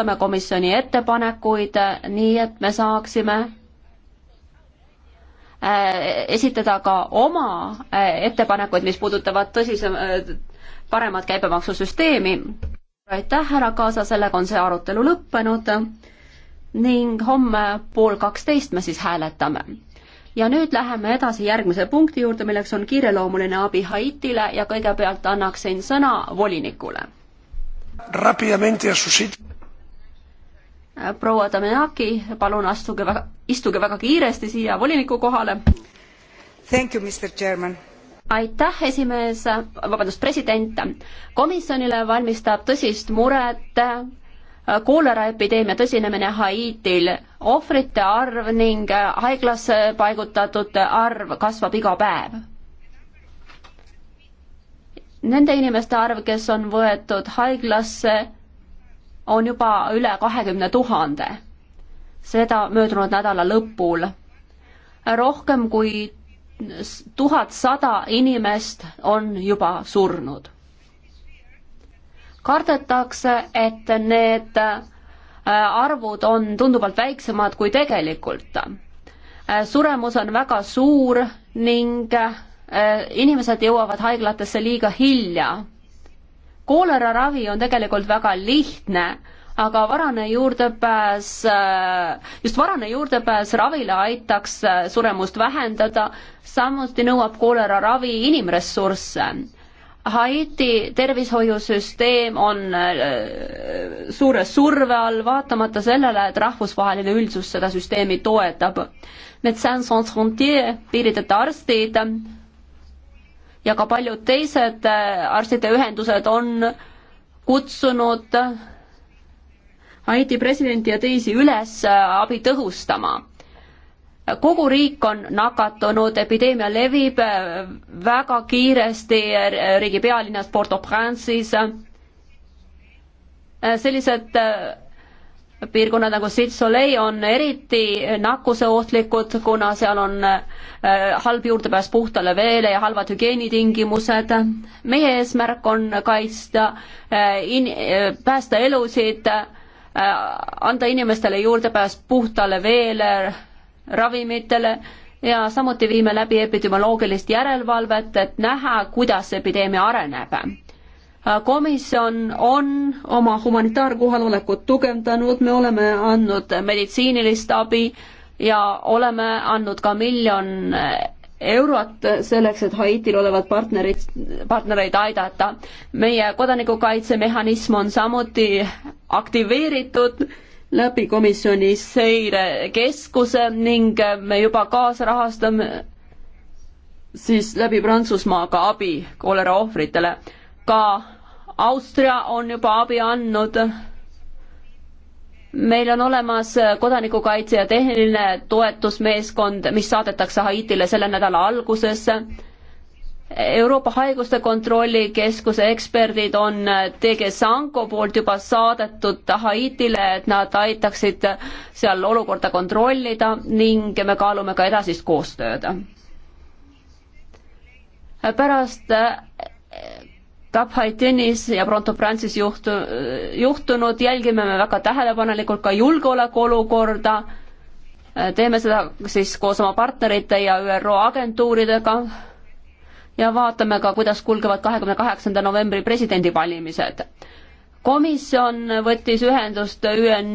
ootame komisjoni ettepanekuid, äh, nii et me saaksime äh, esitada ka oma äh, ettepanekuid, mis puudutavad tõsisem, paremat käibemaksusüsteemi. aitäh, härra Kaasa, sellega on see arutelu lõppenud ning homme pool kaksteist me siis hääletame. ja nüüd läheme edasi järgmise punkti juurde, milleks on kiireloomuline abi Haitile ja kõigepealt annaksin sõna volinikule. Rápidamente a su sitio proua Damenaki, palun astuge väga, istuge väga kiiresti siia voliniku kohale. Thank you, Mr Chairman aitäh, esimees, vabandust, president. komisjonile valmistab tõsist muret äh, kooleraepideemia tõsinemine Haitil. ohvrite arv ning äh, haiglasse paigutatud arv kasvab iga päev. Nende inimeste arv, kes on võetud haiglasse on juba üle kahekümne tuhande. seda möödunud nädala lõpul. rohkem kui tuhat sada inimest on juba surnud. kardetakse, et need äh, arvud on tunduvalt väiksemad kui tegelikult. Äh, suremus on väga suur ning äh, inimesed jõuavad haiglatesse liiga hilja kooleraravi on tegelikult väga lihtne, aga varane juurdepääs, just varane juurdepääs ravile aitaks suremust vähendada, samuti nõuab kooleraravi inimressursse Haiti tervishoiusüsteem on äh, suure surve all, vaatamata sellele, et rahvusvaheline üldsus seda süsteemi toetab. Médecins Sans Frontières, piirideta arstid, ja ka paljud teised äh, arstide ühendused on kutsunud Haiti presidenti ja teisi üles äh, abi tõhustama. kogu riik on nakatunud, epideemia levib äh, väga kiiresti riigi pealinnas Port-au-Prince'is. sellised piirkonnad nagu Sitsolei on eriti nakkuseohtlikud, kuna seal on äh, halb juurdepääs puhtale veele ja halvad hügieenitingimused. meie eesmärk on kaitsta, äh, äh, päästa elusid, anda inimestele juurdepääs puhtale veele, ravimitele ja samuti viime läbi epidemioloogilist järelevalvet, et näha, kuidas epideemia areneb komisjon on oma humanitaarkohalolekut tugevdanud, me oleme andnud meditsiinilist abi ja oleme andnud ka miljon eurot selleks, et Haitil olevat partnerit, partnereid aidata. meie kodanikukaitsemehhanism on samuti aktiveeritud läbi komisjoni seirekeskuse ning me juba kaasrahastame siis läbi Prantsusmaa ka abi koolera ohvritele. ka Austria on juba abi andnud. meil on olemas kodanikukaitse ja tehniline toetusmeeskond, mis saadetakse Haitile selle nädala alguses. Euroopa Haiguste Kontrollikeskuse eksperdid on TG Sanko poolt juba saadetud Haitile, et nad aitaksid seal olukorda kontrollida ning me kaalume ka edasist koostööd. pärast Taphaitenis ja Pronto Francis juhtu-, juhtunud, jälgime me väga tähelepanelikult ka julgeolekuolukorda, teeme seda siis koos oma partnerite ja ÜRO agentuuridega ja vaatame ka, kuidas kulgevad kahekümne kaheksanda novembri presidendivalimised. komisjon võttis ühendust ÜN,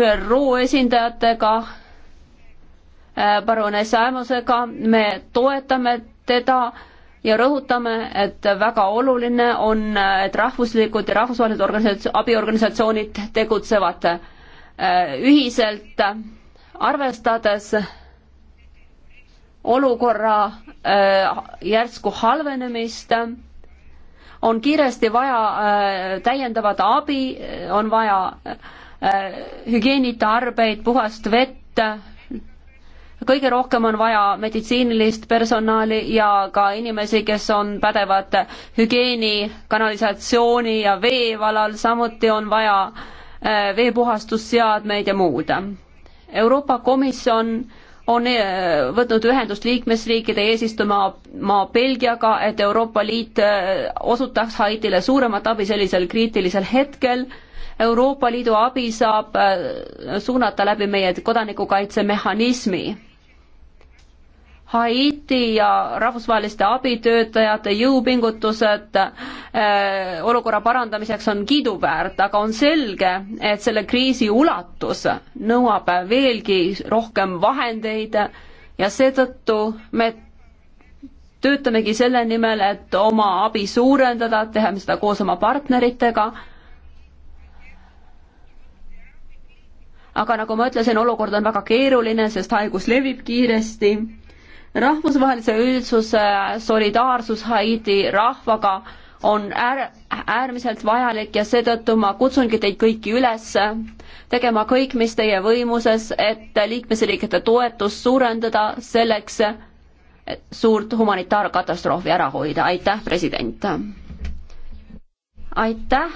ÜRO esindajatega, baroness äh, Ämmusega, me toetame teda ja rõhutame, et väga oluline on, et rahvuslikud ja rahvusvahelised organisatsioonid, abiorganisatsioonid tegutsevad äh, ühiselt, arvestades olukorra äh, järsku halvenemist, on kiiresti vaja äh, täiendavat abi, on vaja hügieenitarbeid, puhast vett, kõige rohkem on vaja meditsiinilist personali ja ka inimesi, kes on pädevad hügieeni, kanalisatsiooni ja vee valal, samuti on vaja äh, veepuhastusseadmeid ja muud. Euroopa Komisjon on äh, võtnud ühendust liikmesriikide eesistumaa Belgiaga, et Euroopa Liit äh, osutaks Haitile suuremat abi sellisel kriitilisel hetkel Euroopa Liidu abi saab suunata läbi meie kodanikukaitsemehhanismi. Haiti ja rahvusvaheliste abitöötajate jõupingutused eh, olukorra parandamiseks on kiiduväärt, aga on selge, et selle kriisi ulatus nõuab veelgi rohkem vahendeid ja seetõttu me töötamegi selle nimel, et oma abi suurendada, teeme seda koos oma partneritega aga nagu ma ütlesin, olukord on väga keeruline, sest haigus levib kiiresti rahvusvahelise üldsuse solidaarsus Haiti rahvaga on äär, äärmiselt vajalik ja seetõttu ma kutsungi teid kõiki üles tegema kõik, mis teie võimuses, et liikmesriikide toetust suurendada selleks, et suurt humanitaarkatastroofi ära hoida. aitäh, president! aitäh,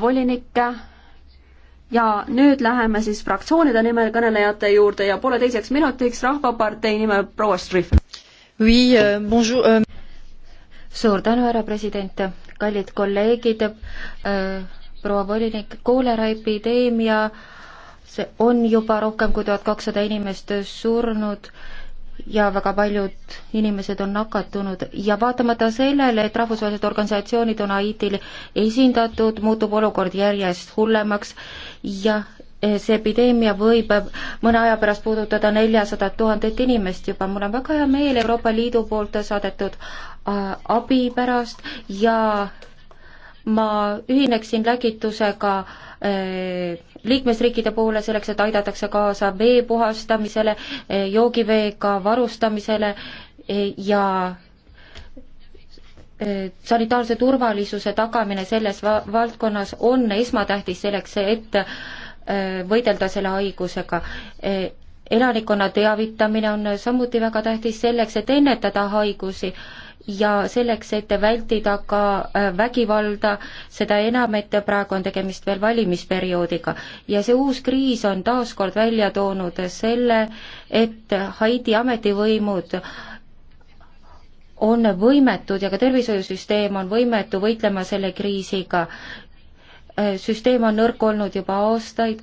volinik! ja nüüd läheme siis fraktsioonide nimel kõnelejate juurde ja pooleteiseks minutiks Rahvapartei nimel proua Strihv. Oui, euh, bonjour. Euh. suur tänu, härra president, kallid kolleegid, äh, proua volinik, koolera epideemia, see on juba rohkem kui tuhat kakssada inimest surnud ja väga paljud inimesed on nakatunud ja vaatamata sellele, et rahvusvahelised organisatsioonid on Haitil esindatud, muutub olukord järjest hullemaks jah, see epideemia võib mõne aja pärast puudutada neljasadat tuhandet inimest juba, mul on väga hea meel Euroopa Liidu poolt saadetud äh, abi pärast ja ma ühineksin lägitusega äh, liikmesriikide poole selleks, et aidatakse kaasa vee puhastamisele, äh, joogiveega varustamisele ja sanitaarse turvalisuse tagamine selles va-, valdkonnas on esmatähtis selleks, et äh, võidelda selle haigusega. Äh, elanikkonna teavitamine on samuti väga tähtis selleks, et ennetada haigusi ja selleks, et vältida ka äh, vägivalda, seda enam, et praegu on tegemist veel valimisperioodiga. ja see uus kriis on taas kord välja toonud selle, et Haiti ametivõimud äh, on võimetud ja ka tervishoiusüsteem on võimetu võitlema selle kriisiga. süsteem on nõrk olnud juba aastaid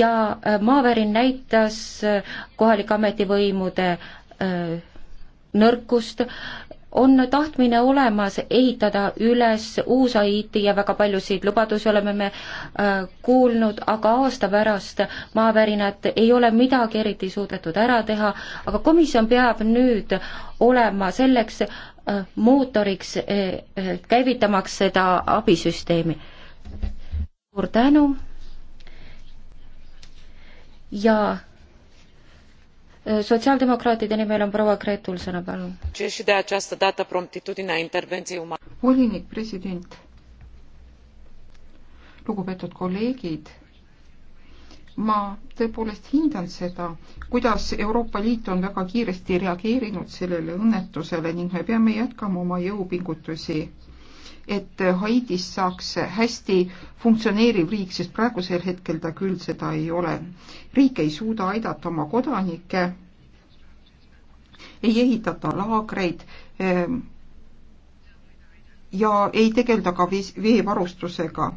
ja äh, maavärin näitas äh, kohalike ametivõimude äh, nõrkust, on tahtmine olemas ehitada üles uus Haiti ja väga paljusid lubadusi oleme me äh, kuulnud, aga aasta pärast maavärinat ei ole midagi eriti suudetud ära teha, aga komisjon peab nüüd olema selleks äh, mootoriks, äh, käivitamaks seda abisüsteemi. suur tänu ja Äh, sotsiaaldemokraatide nimel on proua Gretul sõna, palun. volinik, president, lugupeetud kolleegid, ma tõepoolest hindan seda, kuidas Euroopa Liit on väga kiiresti reageerinud sellele õnnetusele ning me peame jätkama oma jõupingutusi et Haidis saaks hästi funktsioneeriv riik, sest praegusel hetkel ta küll seda ei ole. riik ei suuda aidata oma kodanikke, ei ehitata laagreid ehm, ja ei tegelda ka veevarustusega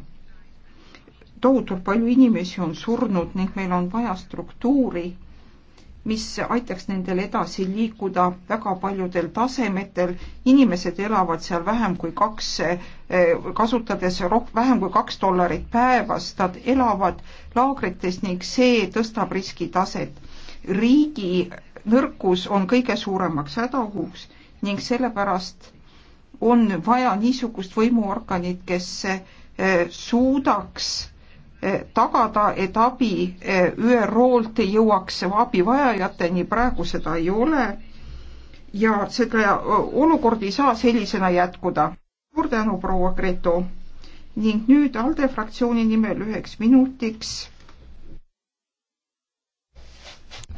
tohutult palju inimesi on surnud ning meil on vaja struktuuri, mis aitaks nendel edasi liikuda väga paljudel tasemetel. inimesed elavad seal vähem kui kaks, eh, kasutades roh-, vähem kui kaks dollarit päevas, nad elavad laagrites ning see tõstab riskitaset. riigi nõrkus on kõige suuremaks hädaohuks ning sellepärast on vaja niisugust võimuorganit, kes eh, suudaks Eh, tagada, et abi eh, ÜRO-lt jõuaks abivajajateni, praegu seda ei ole. ja seda eh, olukord ei saa sellisena jätkuda. suur tänu, proua Gretu. ning nüüd ALDE fraktsiooni nimel üheks minutiks.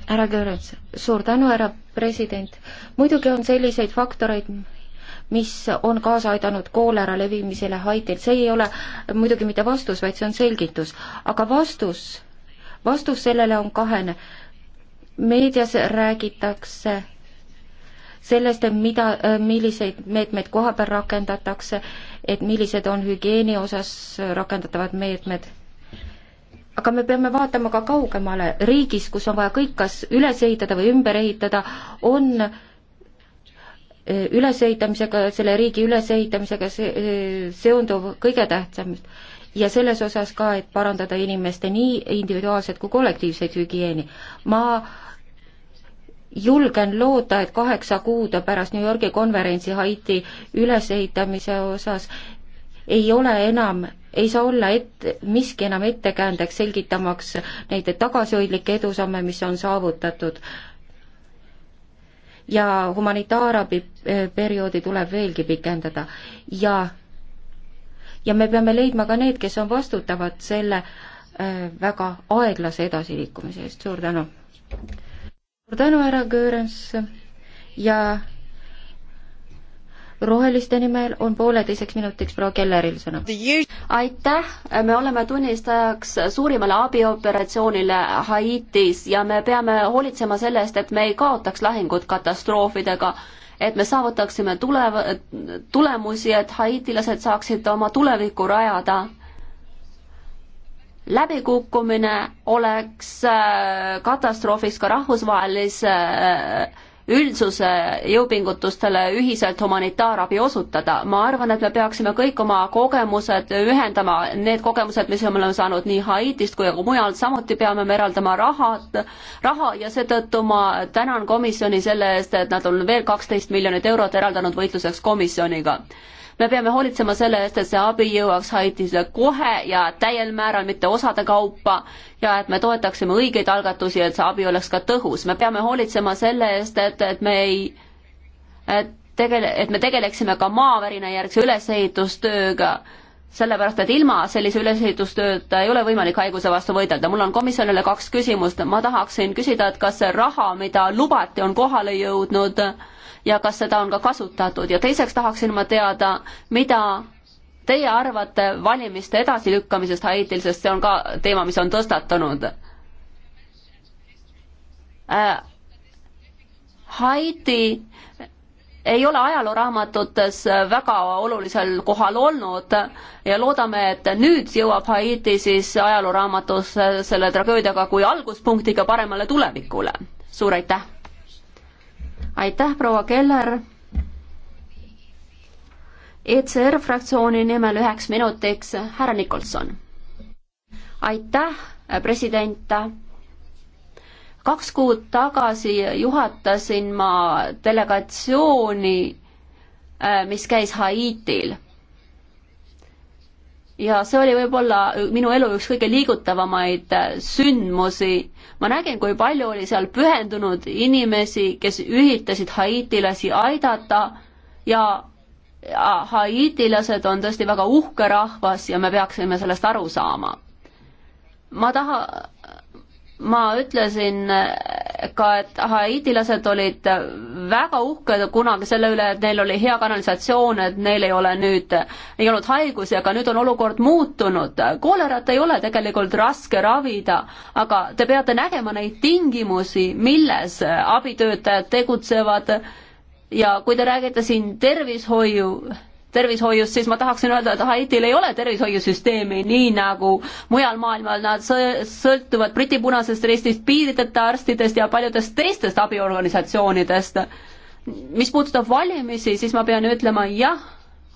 härra Kõõrets, suur tänu, härra president. muidugi on selliseid faktoreid, mis on kaasa aidanud koolera levimisele Haitil. see ei ole muidugi mitte vastus, vaid see on selgitus. aga vastus, vastus sellele on kahene. meedias räägitakse sellest, mida, milliseid meetmeid koha peal rakendatakse, et millised on hügieeni osas rakendatavad meetmed. aga me peame vaatama ka kaugemale, riigis, kus on vaja kõik kas üles ehitada või ümber ehitada, on ülesehitamisega, selle riigi ülesehitamisega see, seonduv kõige tähtsam ja selles osas ka, et parandada inimeste nii individuaalset kui kollektiivseid hügieeni. ma julgen loota, et kaheksa kuud pärast New Yorgi konverentsi Haiti ülesehitamise osas ei ole enam, ei saa olla et-, miski enam ettekäändeks selgitamaks neid tagasihoidlikke edusamme, mis on saavutatud ja humanitaarabi eh, perioodi tuleb veelgi pikendada ja, ja me peame leidma ka need, kes on vastutavad selle eh, väga aeglase edasiliikumise eest, suur tänu! suur tänu, härra Göörens ja roheliste nimel on pooleteiseks minutiks proua Kelleril sõna. aitäh, me oleme tunnistajaks suurimale abioperatsioonile Haitis ja me peame hoolitsema selle eest, et me ei kaotaks lahingut katastroofidega, et me saavutaksime tule-, tulemusi, et haitilased saaksid oma tulevikku rajada läbikukkumine oleks äh, katastroofiks ka rahvusvahelise äh, üldsuse jõupingutustele ühiselt humanitaarabi osutada. ma arvan, et me peaksime kõik oma kogemused ühendama, need kogemused, mis me oleme saanud nii Haitist kui ka mujalt, samuti peame me eraldama rahad, raha ja seetõttu ma tänan komisjoni selle eest, et nad on veel kaksteist miljonit eurot eraldanud võitluseks komisjoniga me peame hoolitsema selle eest, et see abi jõuaks Haitisse kohe ja täiel määral, mitte osade kaupa ja et me toetaksime õigeid algatusi, et see abi oleks ka tõhus. me peame hoolitsema selle eest, et, et me ei et tegele-, et me tegeleksime ka maavärina järgse ülesehitustööga sellepärast, et ilma sellise ülesehitustööta ei ole võimalik haiguse vastu võidelda. mul on komisjonile kaks küsimust, ma tahaksin küsida, et kas see raha, mida lubati, on kohale jõudnud ja kas seda on ka kasutatud ja teiseks tahaksin ma teada, mida teie arvate valimiste edasilükkamisest Haitil, sest see on ka teema, mis on tõstatunud äh,. Haiti ei ole ajalooraamatutes väga olulisel kohal olnud ja loodame, et nüüd jõuab Haiti siis ajalooraamatus selle tragöödiaga kui alguspunktiga paremale tulevikule. suur aitäh! aitäh, proua Keller! ECR fraktsiooni nimel üheks minutiks härra Nikolson. aitäh, president! kaks kuud tagasi juhatasin ma delegatsiooni, äh, mis käis Haitil. ja see oli võib-olla minu elu üks kõige liigutavamaid äh, sündmusi. ma nägin, kui palju oli seal pühendunud inimesi, kes üritasid haitilasi aidata ja haiitilased on tõesti väga uhke rahvas ja me peaksime sellest aru saama. ma taha, ma ütlesin ka, et haitilased olid väga uhked kunagi selle üle, et neil oli hea kanalisatsioon, et neil ei ole nüüd, ei olnud haigusi, aga nüüd on olukord muutunud. koolerat ei ole tegelikult raske ravida, aga te peate nägema neid tingimusi, milles abitöötajad tegutsevad ja kui te räägite siin tervishoiu tervishoiust, siis ma tahaksin öelda, et Haitil ei ole tervishoiusüsteemi, nii nagu mujal maailmal, nad sõltuvad Briti Punasest Ristist, piirideta arstidest ja paljudest teistest abiorganisatsioonidest. mis puudutab valimisi, siis ma pean ütlema jah,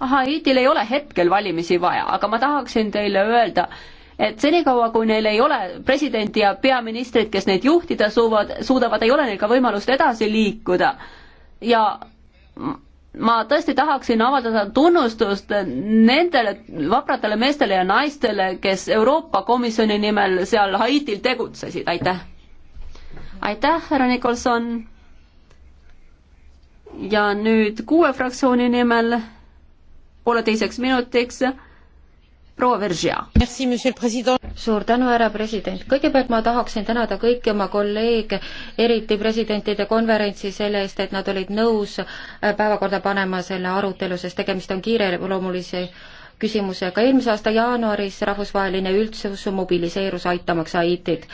Haitil ei ole hetkel valimisi vaja, aga ma tahaksin teile öelda, et senikaua, kui neil ei ole presidenti ja peaministrit, kes neid juhtida suuvad, suudavad, ei ole neil ka võimalust edasi liikuda ja ma tõesti tahaksin avaldada tunnustust nendele vapratele meestele ja naistele, kes Euroopa Komisjoni nimel seal Haitil tegutsesid, aitäh! aitäh, härra Nikolson! ja nüüd kuue fraktsiooni nimel pooleteiseks minutiks proua Veržia. suur tänu, härra president. kõigepealt ma tahaksin tänada kõiki oma kolleege, eriti presidentide konverentsi selle eest, et nad olid nõus äh, päevakorda panema selle arutelu, sest tegemist on kiireloomulise küsimusega. eelmise aasta jaanuaris rahvusvaheline üldsus mobiliseerus aitamaks Haitit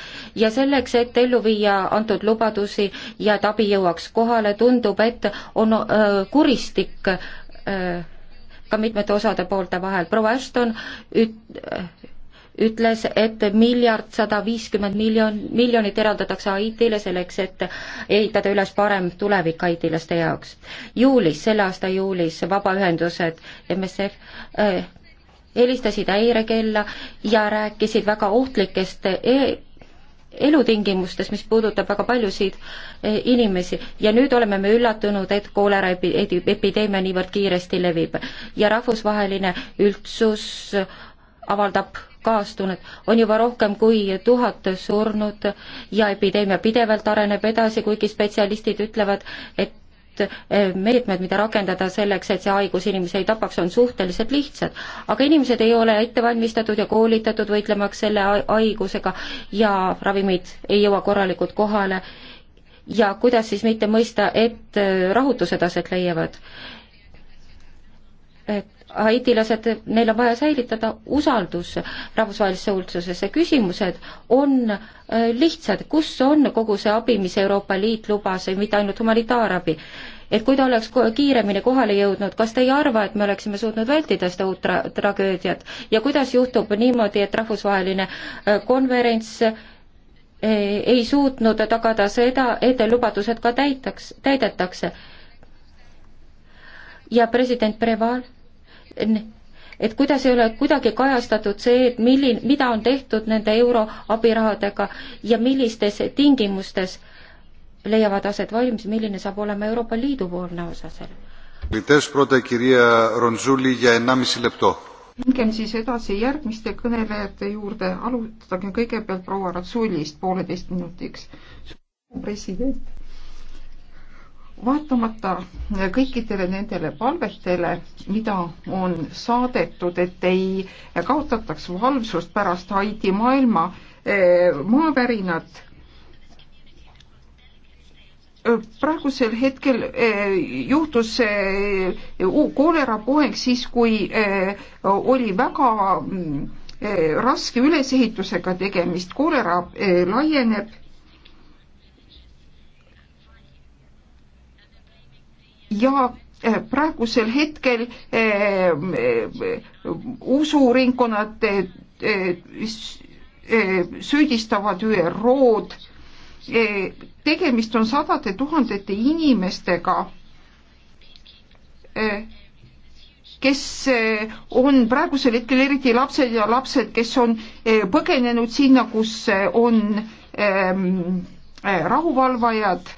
ja selleks, et ellu viia antud lubadusi ja et abi jõuaks kohale, tundub, et on öö, äh, kuristik öö, äh, ka mitmete osade poolte vahel. proua Ashton üt-, ütles, et miljard sada viiskümmend miljon, miljonit eraldatakse Haitile selleks, et ehitada üles parem tulevik haitilaste jaoks. juulis, selle aasta juulis vabaühendused MSF äh, eh, helistasid häirekella ja rääkisid väga ohtlikest e elutingimustest, mis puudutab väga paljusid eh, inimesi. ja nüüd oleme me üllatunud, et koolera epi-, epideemia niivõrd kiiresti levib ja rahvusvaheline üldsus avaldab kaastunnet. on juba rohkem kui tuhat surnut ja epideemia pidevalt areneb edasi, kuigi spetsialistid ütlevad, et et eh, meetmed, mida rakendada selleks, et see haigus inimesi ei tapaks, on suhteliselt lihtsad. aga inimesed ei ole ette valmistatud ja koolitatud võitlemaks selle haigusega ja ravimid ei jõua korralikult kohale ja kuidas siis mitte mõista, et eh, rahutused aset leiavad. et haitilased, neil on vaja säilitada usaldus rahvusvahelisse üldsusesse. küsimused on äh, lihtsad, kus on kogu see abi, mis Euroopa Liit lubas, mitte ainult humanitaarabi? et kui ta oleks kiiremini kohale jõudnud, kas te ei arva, et me oleksime suutnud vältida seda uut tra-, tragöödiat ja kuidas juhtub niimoodi, et rahvusvaheline äh, konverents äh, ei suutnud tagada seda, et lubadused ka täitaks, täidetakse? ja president Preval et kuidas ei ole kuidagi kajastatud see, et milline, mida on tehtud nende euroabirahadega ja millistes tingimustes leiavad aset valmis, milline saab olema Euroopa Liidu poolne osa seal? mingem siis edasi järgmiste kõnelejate juurde, alustage kõigepealt proua Ratsulist pooleteist minutiks. president vaatamata kõikidele nendele palvetele, mida on saadetud, et ei kaotataks valvsust pärast Haiti maailma eh, maavärinat, praegusel hetkel eh, juhtus koolerapuheng siis, kui eh, oli väga mm, raske ülesehitusega tegemist, koolera laieneb ja eh, praegusel hetkel eh, eh, usuringkonnad süüdistavad ÜRO-d. tegemist on sadade tuhandete inimestega, kes on praegusel hetkel eriti lapsed ja lapsed, kes on põgenenud sinna, kus on rahuvalvajad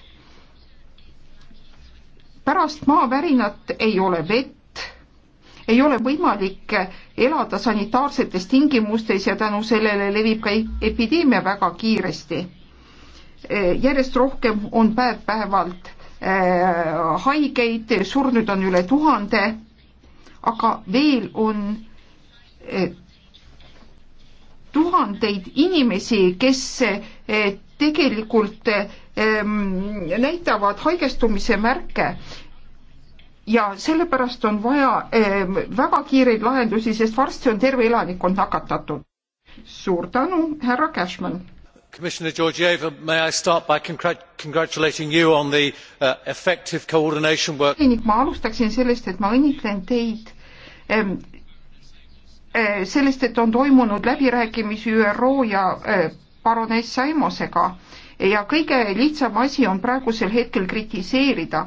pärast maavärinat ei ole vett, ei ole võimalik elada sanitaarsetes tingimustes ja tänu sellele levib ka e-, epideemia väga kiiresti. järjest rohkem on päev-päevalt äh, haigeid, surnuid on üle tuhande, aga veel on äh, tuhandeid inimesi, kes eh, tegelikult ehm, näitavad haigestumise märke ja sellepärast on vaja ehm, väga kiireid lahendusi, sest varsti on terve elanikkond nakatatud. suur tänu, härra Cashman. Commissioner Georgieva, may I start by congratulating you on the uh, effective coordination work? ma alustaksin sellest, et ma õnnitlen teid ehm, Äh, sellest, et on toimunud läbirääkimisi ÜRO ja äh, baroness Saimosega ja kõige lihtsam asi on praegusel hetkel kritiseerida,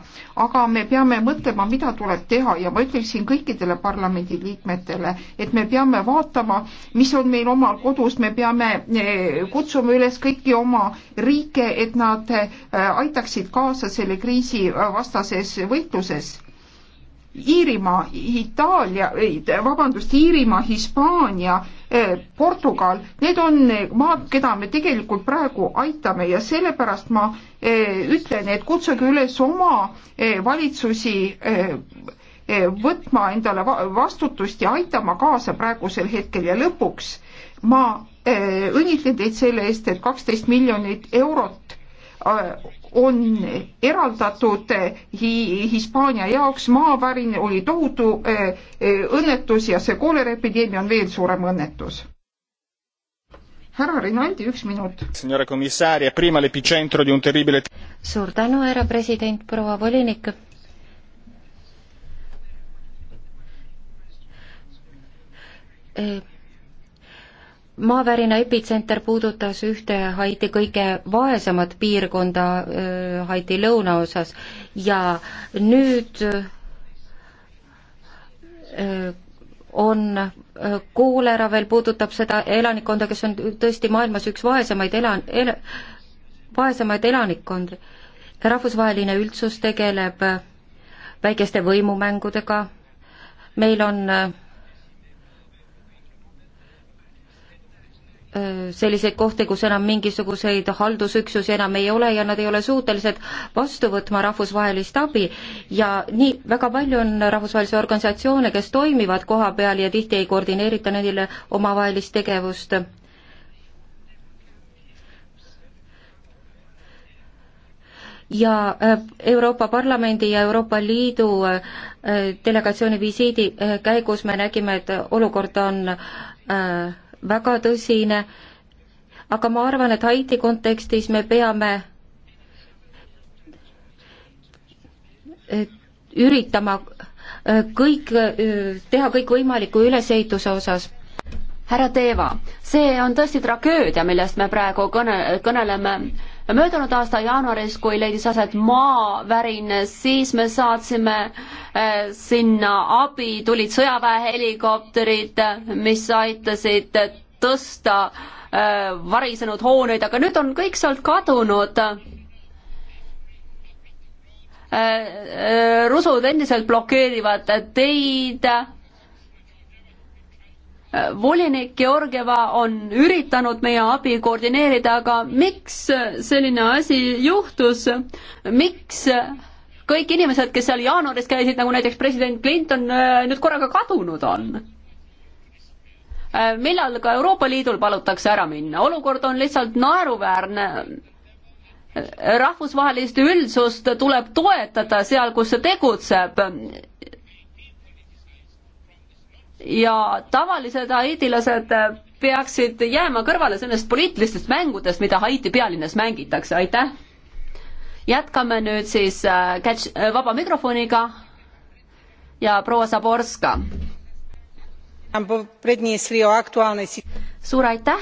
aga me peame mõtlema, mida tuleb teha ja ma ütleksin kõikidele parlamendiliikmetele, et me peame vaatama, mis on meil omal kodus, me peame äh, kutsuma üles kõiki oma riike, et nad aitaksid kaasa selle kriisi vastases võitluses Iirimaa, Itaalia, vabandust, Iirimaa, Hispaania, eh, Portugal, need on maad, keda me tegelikult praegu aitame ja sellepärast ma eh, ütlen, et kutsuge üles oma eh, valitsusi võtma endale vastutust ja aitama kaasa praegusel hetkel ja lõpuks ma õnnitlen teid selle eest, et kaksteist miljonit eurot Äh, on eraldatud eh, Hispaania jaoks, maavärin oli tohutu eh, eh, õnnetus ja see kooleraepideemia on veel suurem õnnetus. härra Rinaldi, üks minut. suur tänu, härra president, proua volinik. Eh, maavärina epitsenter puudutas ühte Haiti kõige vaesemat piirkonda Haiti lõunaosas ja nüüd on koolera veel puudutab seda elanikkonda, kes on tõesti maailmas üks vaesemaid elan- el,, vaesemaid elanikkondi. rahvusvaheline üldsus tegeleb äh, väikeste võimumängudega, meil on äh, selliseid kohti, kus enam mingisuguseid haldusüksusi enam ei ole ja nad ei ole suutelised vastu võtma rahvusvahelist abi ja nii väga palju on rahvusvahelisi organisatsioone, kes toimivad koha peal ja tihti ei koordineerita neile omavahelist tegevust. ja Euroopa Parlamendi ja Euroopa Liidu delegatsiooni visiidi käigus me nägime, et olukord on äh, väga tõsine, aga ma arvan, et Haiti kontekstis me peame üritama äh, kõik, äh, teha kõik võimaliku ülesehituse osas. härra Teeva, see on tõesti tragöödia, millest me praegu kõne, kõneleme möödunud aasta jaanuaris, kui leidis aset maavärin, siis me saatsime äh, sinna abi, tulid sõjaväehelikopterid, mis aitasid tõsta äh, varisenud hooneid, aga nüüd on kõik sealt kadunud äh, rusud endiselt blokeerivad teid volinik Georgieva on üritanud meie abi koordineerida, aga miks selline asi juhtus, miks kõik inimesed, kes seal jaanuaris käisid, nagu näiteks president Clinton, nüüd korraga kadunud on? millal ka Euroopa Liidul palutakse ära minna, olukord on lihtsalt naeruväärne. rahvusvahelist üldsust tuleb toetada seal, kus see tegutseb ja tavalised haidilased peaksid jääma kõrvale sellest poliitilistest mängudest, mida Haiti pealinnas mängitakse, aitäh! jätkame nüüd siis äh, catch, äh, vaba mikrofoniga ja proua Zaborska. suur aitäh!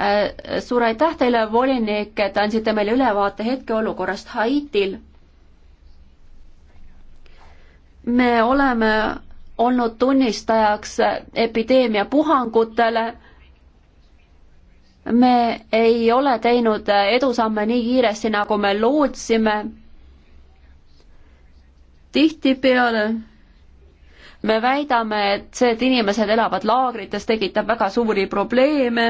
Äh, suur aitäh teile, volinik, et andsite meile ülevaate hetkeolukorrast Haitil. me oleme olnud tunnistajaks epideemia puhangutele. me ei ole teinud edusamme nii kiiresti, nagu me lootsime. tihtipeale me väidame, et see, et inimesed elavad laagrites, tekitab väga suuri probleeme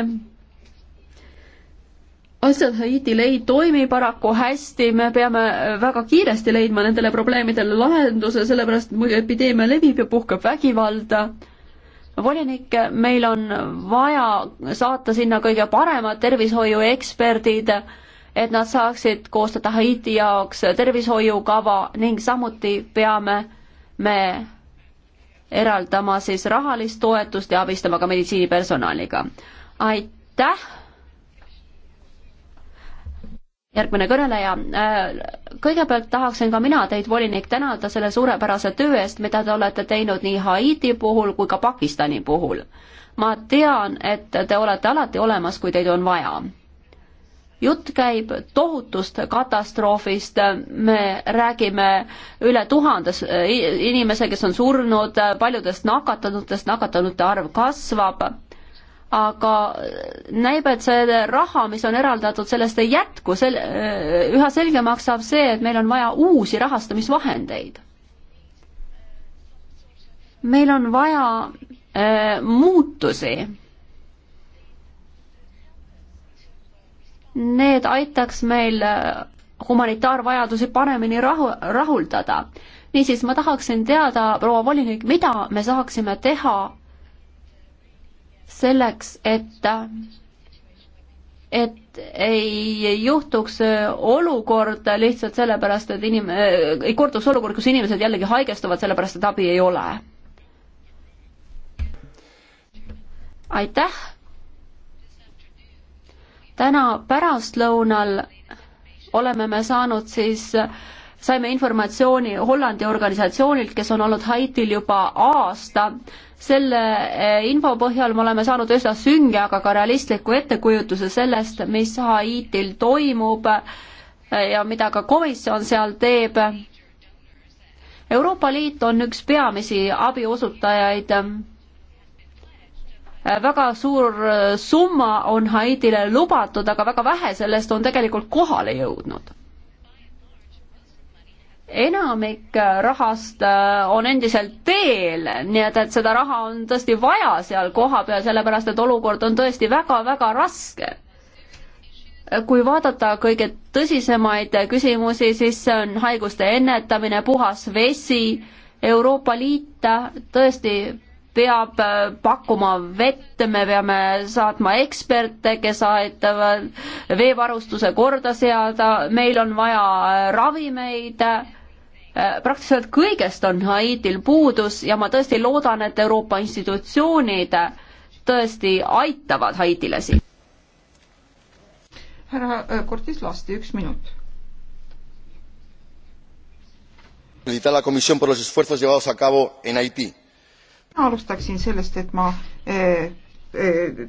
asjad Haitil ei toimi paraku hästi, me peame väga kiiresti leidma nendele probleemidele lahenduse, sellepärast muidu epideemia levib ja puhkeb vägivalda. volinik, meil on vaja saata sinna kõige paremad tervishoiueksperdid, et nad saaksid koostada Haiti jaoks tervishoiukava ning samuti peame me eraldama siis rahalist toetust ja abistama ka meditsiinipersonaliga. aitäh! järgmine kõneleja. Äh, kõigepealt tahaksin ka mina teid, volinik, tänada selle suurepärase töö eest, mida te olete teinud nii Haiti puhul kui ka Pakistani puhul. ma tean, et te olete alati olemas, kui teid on vaja. jutt käib tohutust katastroofist, me räägime üle tuhandes äh, inimese, kes on surnud, paljudest nakatunutest, nakatunute arv kasvab aga näib, et see raha, mis on eraldatud, sellest ei jätku, sel-, üha selgemaks saab see, et meil on vaja uusi rahastamisvahendeid. meil on vaja äh, muutusi. Need aitaks meil äh, humanitaarvajadusi paremini rahu, rahuldada. niisiis, ma tahaksin teada, proua volinik, mida me saaksime teha selleks, et et ei juhtuks olukord lihtsalt sellepärast, et inim-, ei korduks olukord, kus inimesed jällegi haigestuvad, sellepärast et abi ei ole. aitäh! täna pärastlõunal oleme me saanud siis äh, saime informatsiooni Hollandi organisatsioonilt, kes on olnud Haitil juba aasta. selle eh, info põhjal me oleme saanud üsna sünge, aga ka realistliku ettekujutuse sellest, mis Haitil toimub eh, ja mida ka komisjon seal teeb. Euroopa Liit on üks peamisi abiosutajaid eh, väga suur summa on Haitile lubatud, aga väga vähe sellest on tegelikult kohale jõudnud enamik äh, rahast äh, on endiselt teel, nii et, et seda raha on tõesti vaja seal kohapeal, sellepärast et olukord on tõesti väga-väga raske. kui vaadata kõige tõsisemaid küsimusi, siis see on haiguste ennetamine, puhas vesi, Euroopa Liit äh, tõesti peab pakkuma vett, me peame saatma eksperte, kes aitavad veevarustuse korda seada, meil on vaja ravimeid Äh, praktiliselt kõigest on Haitil puudus ja ma tõesti loodan, et Euroopa institutsioonid äh, tõesti aitavad Haitile siin. härra äh, Kortis Lasti, üks minut. alustaksin sellest, et ma äh, äh,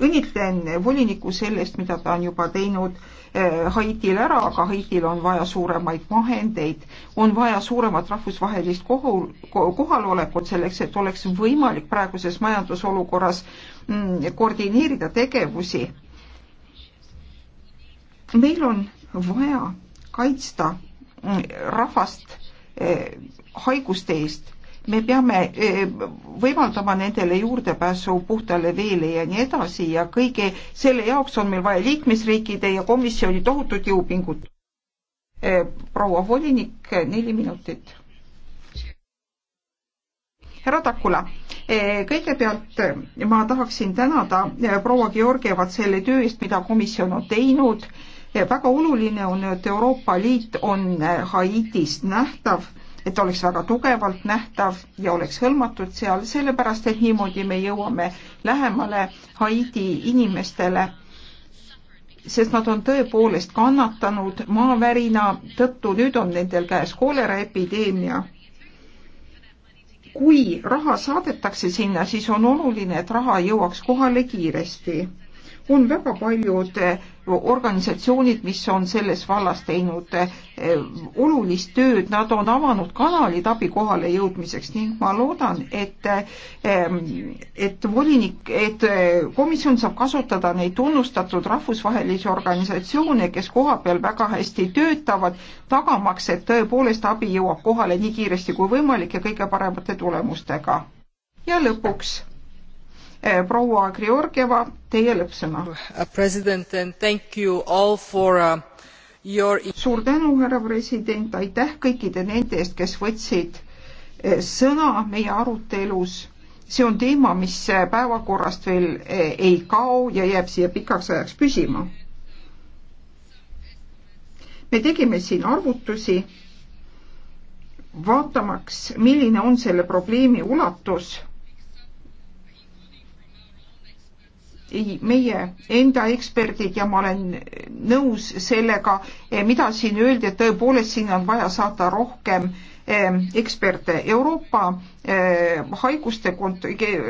õnnitlen volinikku sellest, mida ta on juba teinud eh, Haitil ära, aga Haitil on vaja suuremaid vahendeid, on vaja suuremat rahvusvahelist kohol, kohalolekut selleks, et oleks võimalik praeguses majandusolukorras mm, koordineerida tegevusi. meil on vaja kaitsta mm, rahvast eh, haiguste eest me peame eh, võimaldama nendele juurdepääsu puhtale veele ja nii edasi ja kõige selle jaoks on meil vaja liikmesriikide ja komisjoni tohutut jõupingut. Eh, proua volinik, neli minutit. härra Takula, eh, kõigepealt ma tahaksin tänada proua Georgievat selle töö eest, mida komisjon on teinud. väga oluline on, et Euroopa Liit on Haitis nähtav et oleks väga tugevalt nähtav ja oleks hõlmatud seal, sellepärast et niimoodi me jõuame lähemale Haidi inimestele, sest nad on tõepoolest kannatanud maavärina tõttu, nüüd on nendel käes kooleraepideemia. kui raha saadetakse sinna, siis on oluline, et raha jõuaks kohale kiiresti on väga paljud eh, organisatsioonid, mis on selles vallas teinud eh, olulist tööd, nad on avanud kanalid abi kohale jõudmiseks ning ma loodan, et ehm, et volinik, et eh, komisjon saab kasutada neid tunnustatud rahvusvahelisi organisatsioone, kes koha peal väga hästi töötavad, tagamaks, et tõepoolest abi jõuab kohale nii kiiresti kui võimalik ja kõige paremate tulemustega. ja lõpuks Eh, proua Georgieva, teie lõppsõna. Uh, president and thank you all for uh, your e- suur tänu, härra president, aitäh kõikide nende eest, kes võtsid eh, sõna meie arutelus. see on teema, mis eh, päevakorrast veel ei kao ja jääb siia pikaks ajaks püsima. me tegime siin arvutusi, vaatamaks, milline on selle probleemi ulatus meie enda eksperdid ja ma olen nõus sellega, eh, mida siin öeldi, et tõepoolest sinna on vaja saata rohkem eh, eksperte. Euroopa eh, haiguste kont-,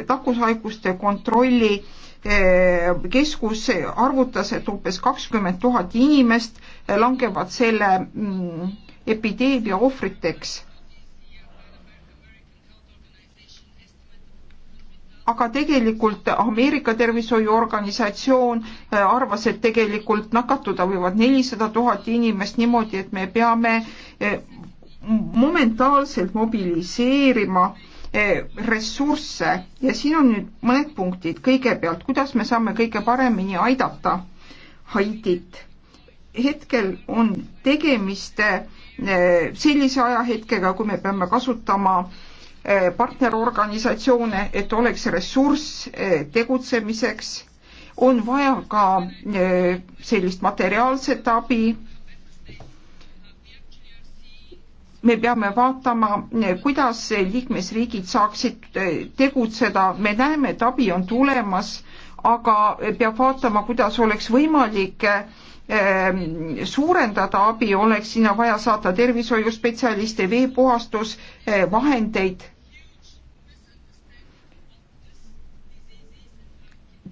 nakkushaiguste kontrolli keskus arvutas, et umbes kakskümmend tuhat inimest langevad selle mm, epideemia ohvriteks aga tegelikult Ameerika Tervishoiuorganisatsioon äh, arvas, et tegelikult nakatuda võivad nelisada tuhat inimest niimoodi, et me peame äh, momentaalselt mobiliseerima äh, ressursse ja siin on nüüd mõned punktid. kõigepealt, kuidas me saame kõige paremini aidata Haitit? hetkel on tegemist sellise ajahetkega, kui me peame kasutama äh, Eh, partnerorganisatsioone, et oleks ressurss eh, tegutsemiseks, on vaja ka eh, sellist materiaalset abi. me peame vaatama, kuidas liikmesriigid saaksid tegutseda, me näeme, et abi on tulemas, aga peab vaatama, kuidas oleks võimalik suurendada abi, oleks sinna vaja saata tervishoiuspetsialiste, veepuhastusvahendeid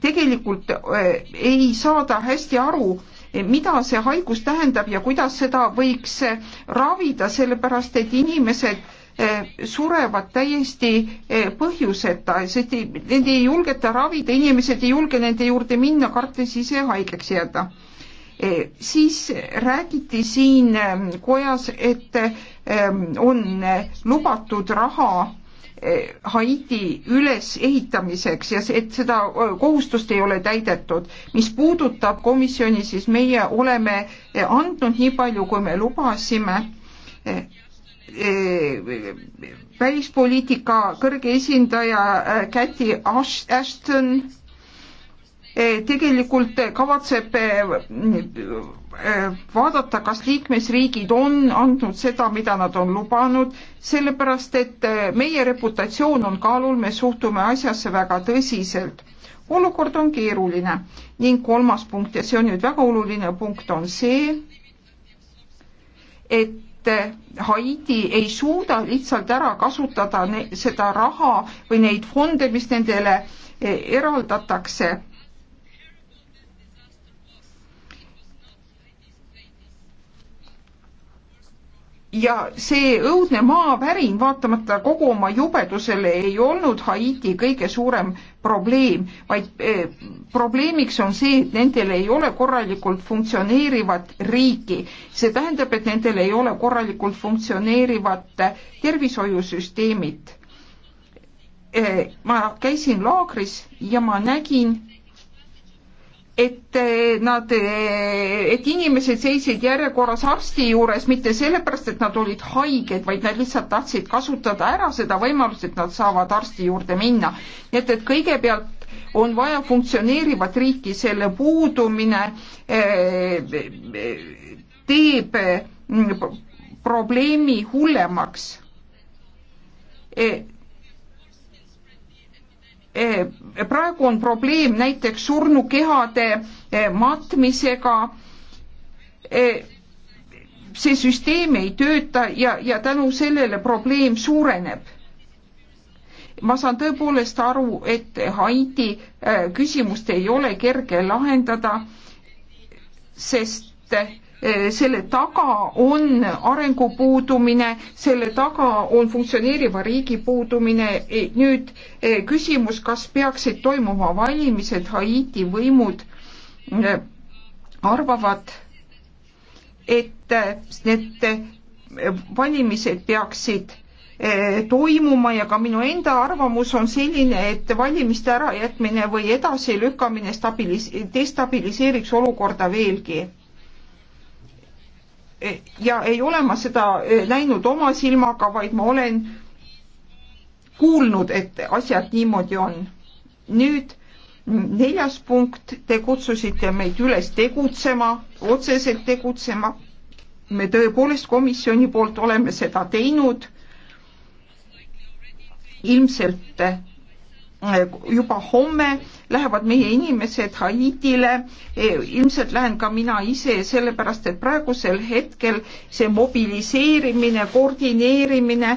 tegelikult äh, ei saada hästi aru, mida see haigus tähendab ja kuidas seda võiks äh, ravida, sellepärast et inimesed äh, surevad täiesti põhjuseta, sest neid ei julgeta ravida, inimesed ei julge nende juurde minna, kartes ise haigeks jääda. siis räägiti siin ähm, kojas, et ähm, on lubatud raha Haiti ülesehitamiseks ja et seda kohustust ei ole täidetud. mis puudutab komisjoni, siis meie oleme eh, andnud nii palju, kui me lubasime eh, eh, välispoliitika kõrge esindaja Käti Ashton tegelikult kavatseb mm, Äh, vaadata, kas liikmesriigid on andnud seda, mida nad on lubanud, sellepärast et äh, meie reputatsioon on kaalul, me suhtume asjasse väga tõsiselt. olukord on keeruline ning kolmas punkt ja see on nüüd väga oluline punkt, on see, et äh, Haiti ei suuda lihtsalt ära kasutada seda raha või neid fonde, mis nendele eraldatakse ja see õudne maavärin, vaatamata kogu oma jubedusele, ei olnud Haiti kõige suurem probleem, vaid eh, probleemiks on see, et nendel ei ole korralikult funktsioneerivat riiki. see tähendab, et nendel ei ole korralikult funktsioneerivat tervishoiusüsteemit eh,. ma käisin laagris ja ma nägin et eh, nad, eh, et inimesed seisid järjekorras arsti juures mitte sellepärast, et nad olid haiged, vaid nad lihtsalt tahtsid kasutada ära seda võimalust, et nad saavad arsti juurde minna. nii et, et kõigepealt on vaja funktsioneerivat riiki, selle puudumine eh, teeb mm, probleemi hullemaks Eh, praegu on probleem näiteks surnukehade eh, matmisega. Eh, see süsteem ei tööta ja, ja tänu sellele probleem suureneb. ma saan tõepoolest aru, et Haiti küsimust ei ole kerge lahendada, sest Eh, selle taga on arengu puudumine, selle taga on funktsioneeriva riigi puudumine. Eh, nüüd eh, küsimus, kas peaksid toimuma valimised, Haiti võimud arvavad, et need valimised peaksid toimuma ja ka minu enda arvamus on selline, et valimiste ärajätmine või edasilükkamine stabilis-, destabiliseeriks olukorda veelgi ja ei ole ma seda eh, näinud oma silmaga, vaid ma olen kuulnud, et asjad niimoodi on. nüüd mm, neljas punkt, te kutsusite meid üles tegutsema, otseselt tegutsema. me tõepoolest komisjoni poolt oleme seda teinud. ilmselt eh, juba homme lähevad meie inimesed Haitile, e, ilmselt lähen ka mina ise, sellepärast et praegusel hetkel see mobiliseerimine, koordineerimine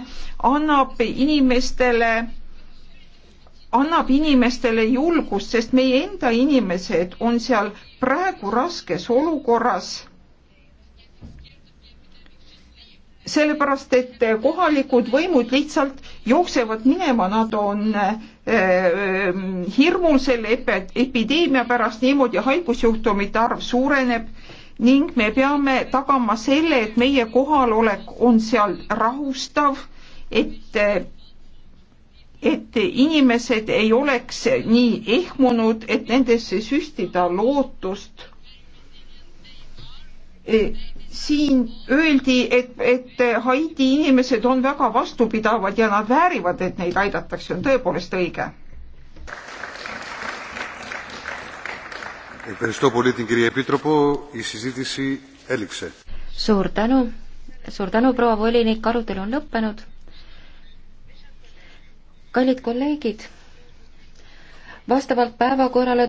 annab inimestele annab inimestele julgust, sest meie enda inimesed on seal praegu raskes olukorras sellepärast, et eh, kohalikud võimud lihtsalt jooksevad minema, nad on eh, eh, hirmul selle epideemia pärast, niimoodi haigusjuhtumite arv suureneb ning me peame tagama selle, et meie kohalolek on seal rahustav, et et inimesed ei oleks nii ehmunud, et nendesse süstida lootust siin öeldi, et, et Haiti inimesed on väga vastupidavad ja nad väärivad, et neid aidatakse, on tõepoolest õige. suur tänu, suur tänu, proua volinik, arutelu on lõppenud. kallid kolleegid, vastavalt päevakorrale